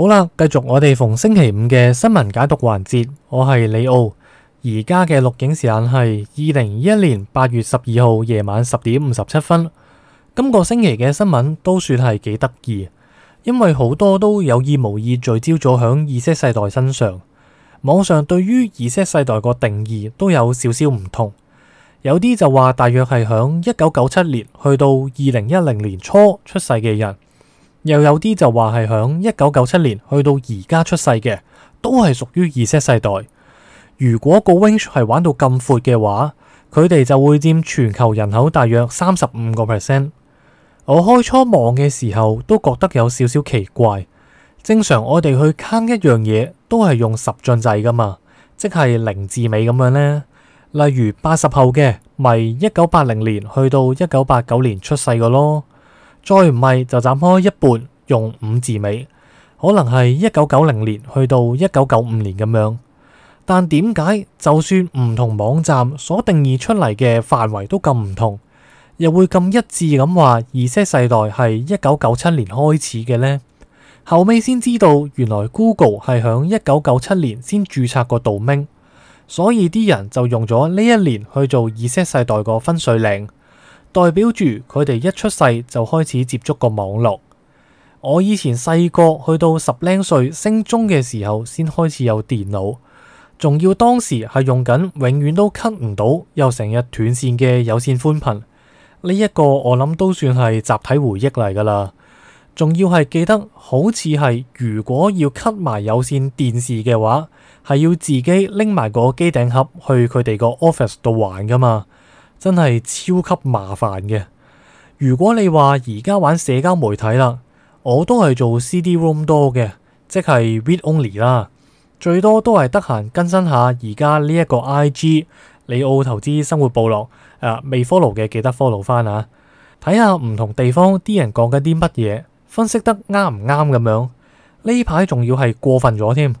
好啦，繼續我哋逢星期五嘅新聞解讀環節，我係李奧。而家嘅錄影時間係二零二一年八月十二號夜晚十點五十七分。今個星期嘅新聞都算係幾得意，因為好多都有意無意聚焦咗響 Z 世代身上。網上對於 Z 世代個定義都有少少唔同，有啲就話大約係響一九九七年去到二零一零年初出世嘅人。又有啲就話係響一九九七年去到而家出世嘅，都係屬於二 s 世代。如果個 w i n g e 係玩到咁闊嘅話，佢哋就會佔全球人口大約三十五個 percent。我開初望嘅時候都覺得有少少奇怪。正常我哋去坑一樣嘢都係用十進制噶嘛，即係零字尾咁樣咧。例如八十後嘅，咪一九八零年去到一九八九年出世個咯。再唔係就斬開一半，用五字尾，可能係一九九零年去到一九九五年咁樣。但點解就算唔同網站所定義出嚟嘅範圍都咁唔同，又會咁一致咁話 Z 世代係一九九七年開始嘅呢？後尾先知道原來 Google 係響一九九七年先註冊個 domain，所以啲人就用咗呢一年去做 Z 世代個分水嶺。代表住佢哋一出世就開始接觸個網絡。我以前細個去到十零歲升中嘅時候，先開始有電腦，仲要當時係用緊永遠都 cut 唔到又成日斷線嘅有線寬頻。呢一個我諗都算係集體回憶嚟噶啦。仲要係記得好似係如果要 cut 埋有線電視嘅話，係要自己拎埋個機頂盒去佢哋個 office 度玩噶嘛。真係超級麻煩嘅。如果你話而家玩社交媒體啦，我都係做 CD ROM 多嘅，即係 read only 啦。最多都係得閒更新下而家呢一個 I G 利奧投資生活部落誒、啊，未 follow 嘅記得 follow 翻啊，睇下唔同地方啲人講緊啲乜嘢，分析得啱唔啱咁樣？呢排仲要係過分咗添，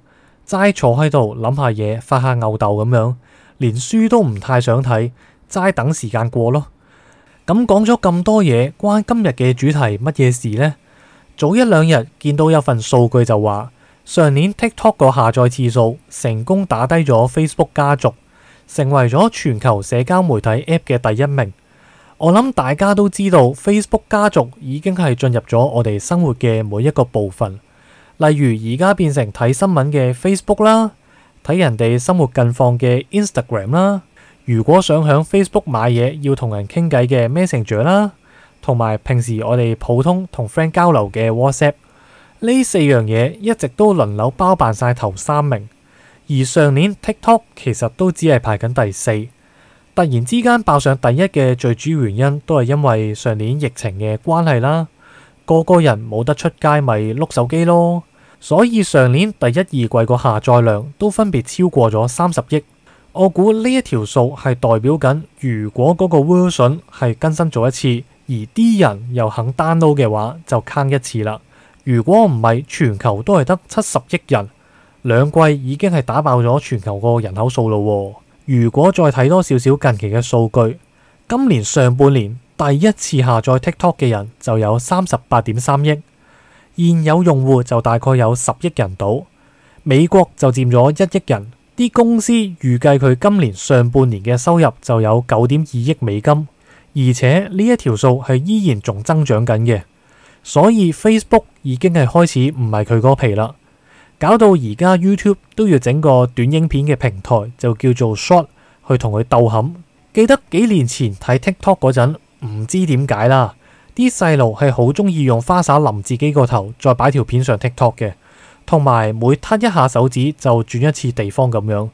齋坐喺度諗下嘢，發下吽豆咁樣，連書都唔太想睇。齋等時間過咯，咁講咗咁多嘢，關今日嘅主題乜嘢事呢？早一兩日見到有份數據就話，上年 TikTok 個下載次數成功打低咗 Facebook 家族，成為咗全球社交媒體 App 嘅第一名。我諗大家都知道 Facebook 家族已經係進入咗我哋生活嘅每一個部分，例如而家變成睇新聞嘅 Facebook 啦，睇人哋生活近況嘅 Instagram 啦。如果想喺 Facebook 買嘢，要同人傾偈嘅 Messenger 啦，同埋平時我哋普通同 friend 交流嘅 WhatsApp，呢四樣嘢一直都輪流包辦晒頭三名，而上年 TikTok 其實都只係排緊第四，突然之間爆上第一嘅最主要原因都係因為上年疫情嘅關係啦，個個人冇得出街咪碌手機咯，所以上年第一二季個下載量都分別超過咗三十億。我估呢一條數係代表緊，如果嗰個 version 係更新咗一次，而啲人又肯 download 嘅話，就 count 一次啦。如果唔係，全球都係得七十億人，兩季已經係打爆咗全球個人口數咯、哦。如果再睇多少少近期嘅數據，今年上半年第一次下載 TikTok 嘅人就有三十八點三億，現有用戶就大概有十億人到。美國就佔咗一億人。啲公司預計佢今年上半年嘅收入就有九點二億美金，而且呢一條數係依然仲增長緊嘅，所以 Facebook 已經係開始唔係佢個皮啦，搞到而家 YouTube 都要整個短影片嘅平台，就叫做 Short 去同佢鬥冚。記得幾年前睇 TikTok 嗰陣，唔知點解啦，啲細路係好中意用花灑淋自己個頭，再擺條片上 TikTok 嘅。同埋每撻一下手指就轉一次地方咁樣，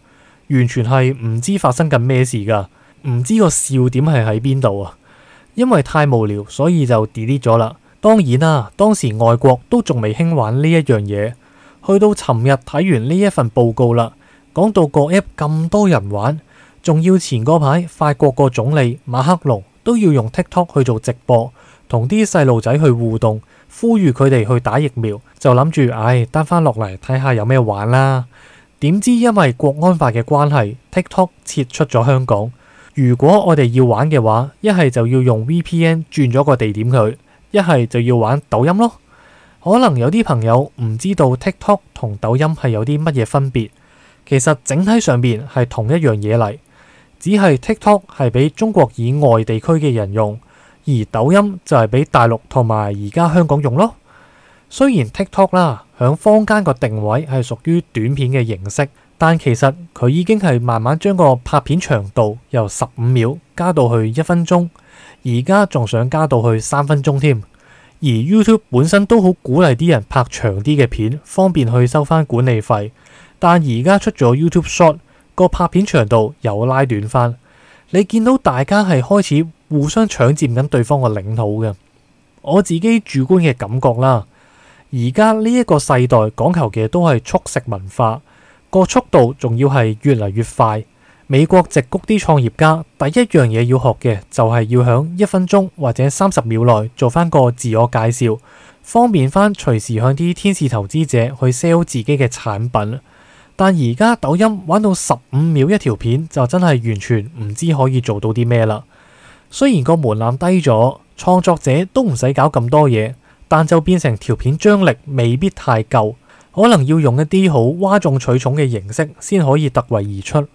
完全係唔知發生緊咩事噶，唔知個笑點係喺邊度啊！因為太無聊，所以就 delete 咗啦。當然啦、啊，當時外國都仲未興玩呢一樣嘢。去到尋日睇完呢一份報告啦，講到個 app 咁多人玩，仲要前嗰排法國個總理馬克龍都要用 TikTok 去做直播，同啲細路仔去互動。呼籲佢哋去打疫苗，就諗住唉，登翻落嚟睇下有咩玩啦。點知因為國安法嘅關係，TikTok 撤出咗香港。如果我哋要玩嘅話，一係就要用 VPN 轉咗個地點佢，一係就要玩抖音咯。可能有啲朋友唔知道 TikTok 同抖音係有啲乜嘢分別。其實整體上邊係同一樣嘢嚟，只係 TikTok 係俾中國以外地區嘅人用。而抖音就係俾大陸同埋而家香港用咯。雖然 TikTok 啦，響坊間個定位係屬於短片嘅形式，但其實佢已經係慢慢將個拍片長度由十五秒加到去一分鐘，而家仲想加到去三分鐘添。而 YouTube 本身都好鼓勵啲人拍長啲嘅片，方便去收翻管理費，但而家出咗 YouTube Short 個拍片長度又拉短翻。你見到大家係開始互相搶佔緊對方嘅領土嘅，我自己主觀嘅感覺啦。而家呢一個世代講求嘅都係速食文化，個速度仲要係越嚟越快。美國直谷啲創業家第一樣嘢要學嘅就係要響一分鐘或者三十秒內做翻個自我介紹，方便翻隨時向啲天使投資者去 sell 自己嘅產品。但而家抖音玩到十五秒一條片，就真係完全唔知可以做到啲咩啦。雖然個門檻低咗，創作者都唔使搞咁多嘢，但就變成條片張力未必太夠，可能要用一啲好嘩眾取寵嘅形式先可以突圍而出。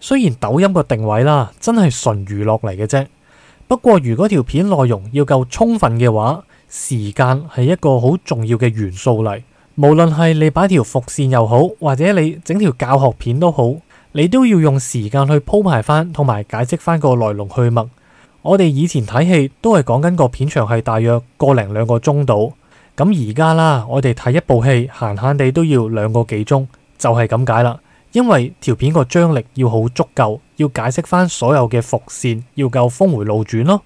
雖然抖音個定位啦，真係純娛樂嚟嘅啫。不過如果條片內容要夠充分嘅話，時間係一個好重要嘅元素嚟。無論係你擺條伏線又好，或者你整條教學片都好，你都要用時間去鋪排翻，同埋解釋翻個來龍去脈。我哋以前睇戲都係講緊個片場係大約個零兩個鐘度，咁而家啦，我哋睇一部戲，閒閒地都要兩個幾鐘，就係、是、咁解啦。因為條片個張力要好足夠，要解釋翻所有嘅伏線，要夠峰回路轉咯。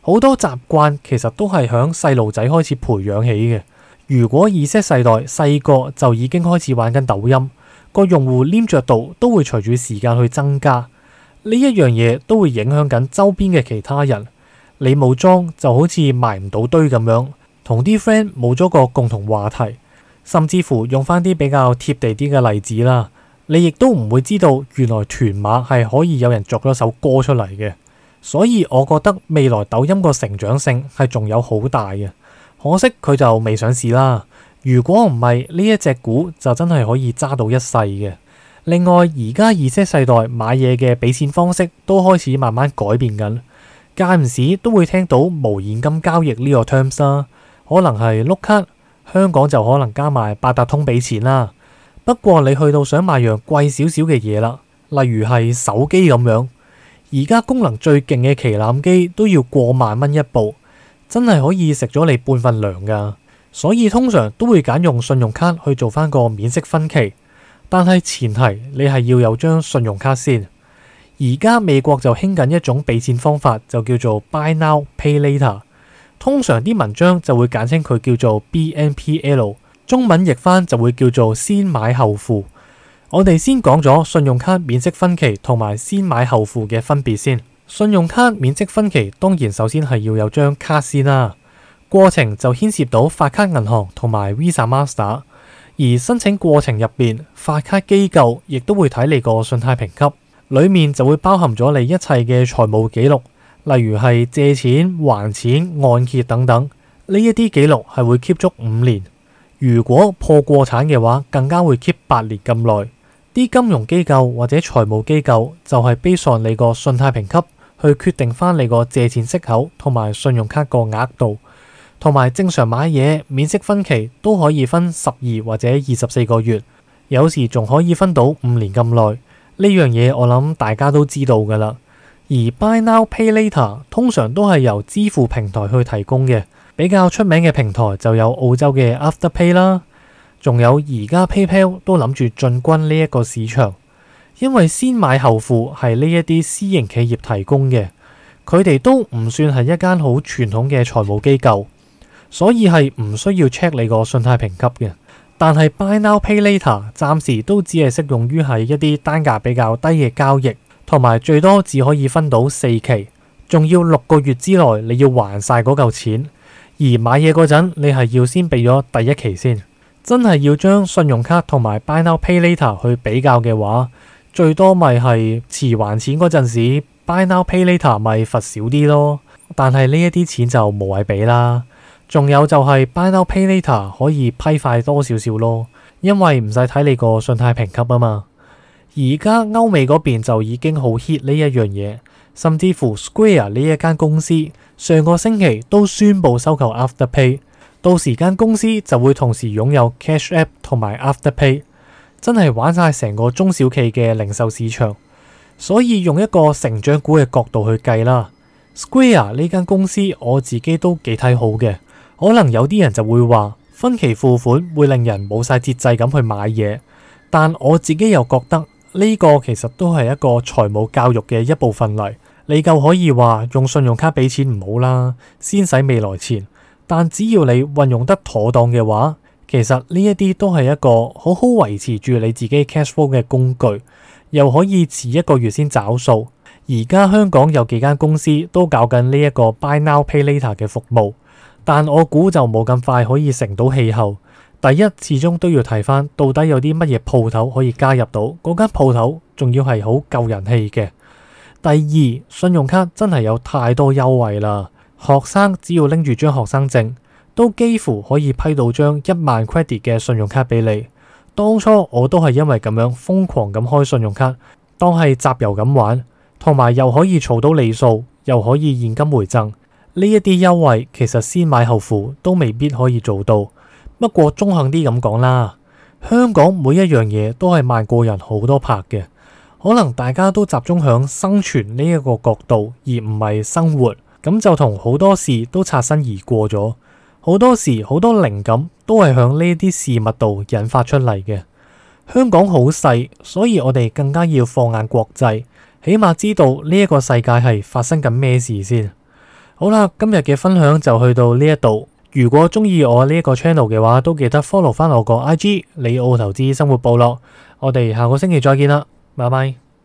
好多習慣其實都係響細路仔開始培養起嘅。如果 Z 世代細個就已經開始玩緊抖音，個用戶黏着度都會隨住時間去增加。呢一樣嘢都會影響緊周邊嘅其他人，你冇裝就好似埋唔到堆咁樣，同啲 friend 冇咗個共同話題，甚至乎用翻啲比較貼地啲嘅例子啦，你亦都唔會知道原來屯馬係可以有人作咗首歌出嚟嘅，所以我覺得未來抖音個成長性係仲有好大嘅，可惜佢就未上市啦。如果唔係呢一隻股就真係可以揸到一世嘅。另外，而家 Z 世代買嘢嘅俾錢方式都開始慢慢改變緊，間唔時都會聽到無現金交易呢個 terms 啦。可能係碌卡，香港就可能加埋八達通俾錢啦。不過你去到想買樣貴少少嘅嘢啦，例如係手機咁樣，而家功能最勁嘅旗艦機都要過萬蚊一部，真係可以食咗你半份糧㗎。所以通常都會揀用信用卡去做返個免息分期。但係前提，你係要有張信用卡先。而家美國就興緊一種畀錢方法，就叫做 Buy Now Pay Later，通常啲文章就會簡稱佢叫做 BNPL，中文譯返就會叫做先買後付。我哋先講咗信用卡免息分期同埋先買後付嘅分別先。信用卡免息分期當然首先係要有張卡先啦，過程就牽涉到發卡銀行同埋 Visa、Master。而申請過程入邊，發卡機構亦都會睇你個信貸評級，裡面就會包含咗你一切嘅財務記錄，例如係借錢、還錢、按揭等等，呢一啲記錄係會 keep 足五年。如果破過產嘅話，更加會 keep 八年咁耐。啲金融機構或者財務機構就係 base 你個信貸評級去決定返你個借錢息口同埋信用卡個額度。同埋正常買嘢免息分期都可以分十二或者二十四個月，有時仲可以分到五年咁耐。呢樣嘢我諗大家都知道㗎喇。而 Buy Now Pay Later 通常都係由支付平台去提供嘅，比較出名嘅平台就有澳洲嘅 Afterpay 啦，仲有而家 PayPal 都諗住進軍呢一個市場，因為先買後付係呢一啲私營企業提供嘅，佢哋都唔算係一間好傳統嘅財務機構。所以係唔需要 check 你個信貸評級嘅，但係 Buy Now Pay Later 暫時都只係適用於係一啲單價比較低嘅交易，同埋最多只可以分到四期，仲要六個月之內你要還晒嗰嚿錢。而買嘢嗰陣，你係要先俾咗第一期先。真係要將信用卡同埋 Buy Now Pay Later 去比較嘅話，最多咪係遲還錢嗰陣時，Buy Now Pay Later 咪罰少啲咯。但係呢一啲錢就無謂俾啦。仲有就係 Buy Now Pay Later 可以批快多少少咯，因為唔使睇你個信貸評級啊嘛。而家歐美嗰邊就已經好 hit 呢一樣嘢，甚至乎 Square 呢一間公司上個星期都宣佈收購 Afterpay，到時間公司就會同時擁有 Cash App 同埋 Afterpay，真係玩晒成個中小企嘅零售市場。所以用一個成長股嘅角度去計啦，Square 呢間公司我自己都幾睇好嘅。可能有啲人就會話分期付款會令人冇晒節制咁去買嘢，但我自己又覺得呢個其實都係一個財務教育嘅一部分嚟。你夠可以話用信用卡俾錢唔好啦，先使未來錢。但只要你運用得妥當嘅話，其實呢一啲都係一個好好維持住你自己 cash flow 嘅工具，又可以遲一個月先找數。而家香港有幾間公司都搞緊呢一個 buy now pay later 嘅服務。但我估就冇咁快可以成到氣候。第一，始終都要睇返到底有啲乜嘢鋪頭可以加入到，嗰間鋪頭仲要係好夠人氣嘅。第二，信用卡真係有太多優惠啦。學生只要拎住張學生證，都幾乎可以批到張一萬 credit 嘅信用卡俾你。當初我都係因為咁樣瘋狂咁開信用卡，當係集郵咁玩，同埋又可以儲到里數，又可以現金回贈。呢一啲優惠其實先買後付都未必可以做到。不過中肯啲咁講啦，香港每一樣嘢都係慢過人好多拍嘅，可能大家都集中響生存呢一個角度，而唔係生活，咁就同好多事都擦身而過咗。好多時好多靈感都係響呢啲事物度引發出嚟嘅。香港好細，所以我哋更加要放眼國際，起碼知道呢一個世界係發生緊咩事先。好啦，今日嘅分享就去到呢一度。如果鍾意我呢一個 channel 嘅話，都記得 follow 翻我個 IG 李奧投資生活部落。我哋下個星期再見啦，拜拜。